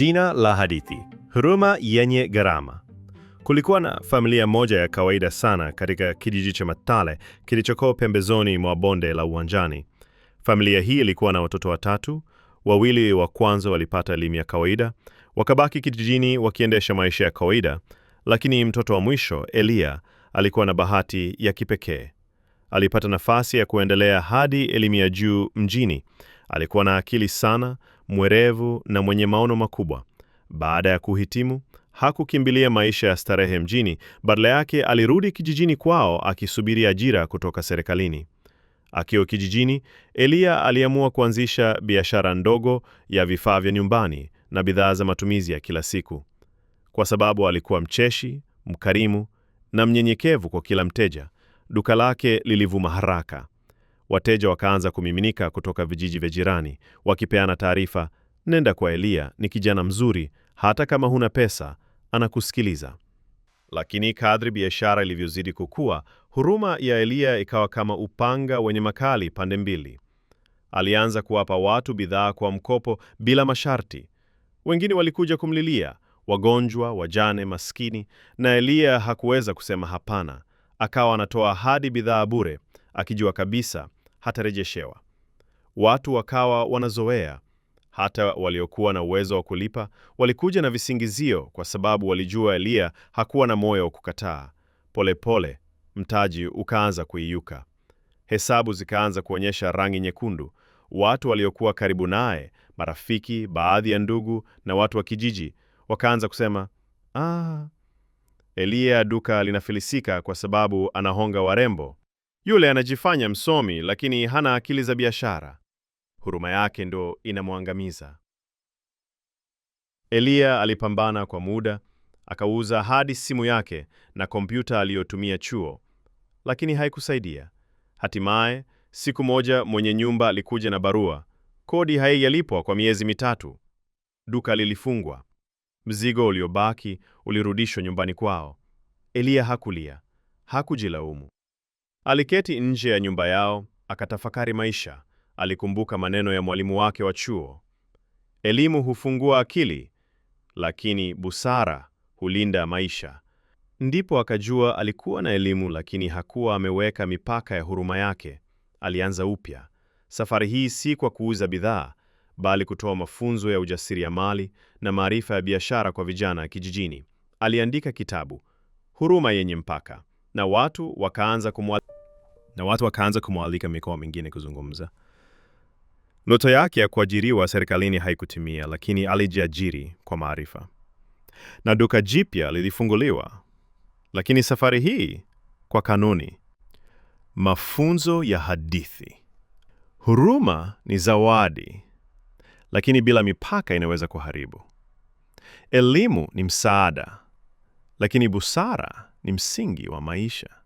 Jina la hadithi: huruma yenye gharama. Kulikuwa na familia moja ya kawaida sana katika kijiji cha Matale kilichoko pembezoni mwa bonde la Uwanjani. Familia hii ilikuwa na watoto watatu. Wawili wa kwanza walipata elimu ya kawaida, wakabaki kijijini wakiendesha maisha ya kawaida, lakini mtoto wa mwisho Eliya alikuwa na bahati ya kipekee. Alipata nafasi ya kuendelea hadi elimu ya juu mjini. Alikuwa na akili sana, mwerevu na mwenye maono makubwa. Baada ya kuhitimu, hakukimbilia maisha ya starehe mjini, badala yake alirudi kijijini kwao akisubiri ajira kutoka serikalini. Akiwa kijijini, Eliya aliamua kuanzisha biashara ndogo ya vifaa vya nyumbani na bidhaa za matumizi ya kila siku. Kwa sababu alikuwa mcheshi, mkarimu na mnyenyekevu kwa kila mteja, duka lake lilivuma haraka wateja wakaanza kumiminika kutoka vijiji vya jirani, wakipeana taarifa, nenda kwa Eliya, ni kijana mzuri, hata kama huna pesa anakusikiliza. Lakini kadri biashara ilivyozidi kukua, huruma ya Eliya ikawa kama upanga wenye makali pande mbili. Alianza kuwapa watu bidhaa kwa mkopo bila masharti. Wengine walikuja kumlilia, wagonjwa, wajane, maskini, na Eliya hakuweza kusema hapana. Akawa anatoa hadi bidhaa bure, akijua kabisa hatarejeshewa. Watu wakawa wanazoea. Hata waliokuwa na uwezo wa kulipa walikuja na visingizio, kwa sababu walijua Eliya hakuwa na moyo wa kukataa. Polepole mtaji ukaanza kuiyuka, hesabu zikaanza kuonyesha rangi nyekundu. Watu waliokuwa karibu naye, marafiki, baadhi ya ndugu na watu wa kijiji, wakaanza kusema ah, Eliya duka linafilisika kwa sababu anahonga warembo. Yule anajifanya msomi lakini hana akili za biashara. Huruma yake ndo inamwangamiza. Eliya alipambana kwa muda, akauza hadi simu yake na kompyuta aliyotumia chuo, lakini haikusaidia. Hatimaye siku moja mwenye nyumba alikuja na barua, kodi haijalipwa kwa miezi mitatu, duka lilifungwa, mzigo uliobaki ulirudishwa nyumbani kwao. Eliya hakulia, hakujilaumu. Aliketi nje ya nyumba yao akatafakari maisha. Alikumbuka maneno ya mwalimu wake wa chuo, elimu hufungua akili, lakini busara hulinda maisha. Ndipo akajua alikuwa na elimu, lakini hakuwa ameweka mipaka ya huruma yake. Alianza upya, safari hii si kwa kuuza bidhaa, bali kutoa mafunzo ya ujasiriamali na maarifa ya biashara kwa vijana kijijini. Aliandika kitabu Huruma Yenye Mpaka, na watu wakaanza kumwa na watu wakaanza kumwalika mikoa mingine kuzungumza. Ndoto yake ya kuajiriwa serikalini haikutimia, lakini alijiajiri kwa maarifa, na duka jipya lilifunguliwa, lakini safari hii kwa kanuni. Mafunzo ya hadithi. Huruma ni zawadi, lakini bila mipaka inaweza kuharibu. Elimu ni msaada, lakini busara ni msingi wa maisha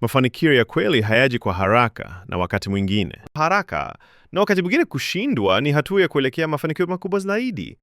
mafanikio ya kweli hayaji kwa haraka na wakati mwingine haraka na wakati mwingine kushindwa ni hatua ya kuelekea mafanikio makubwa zaidi.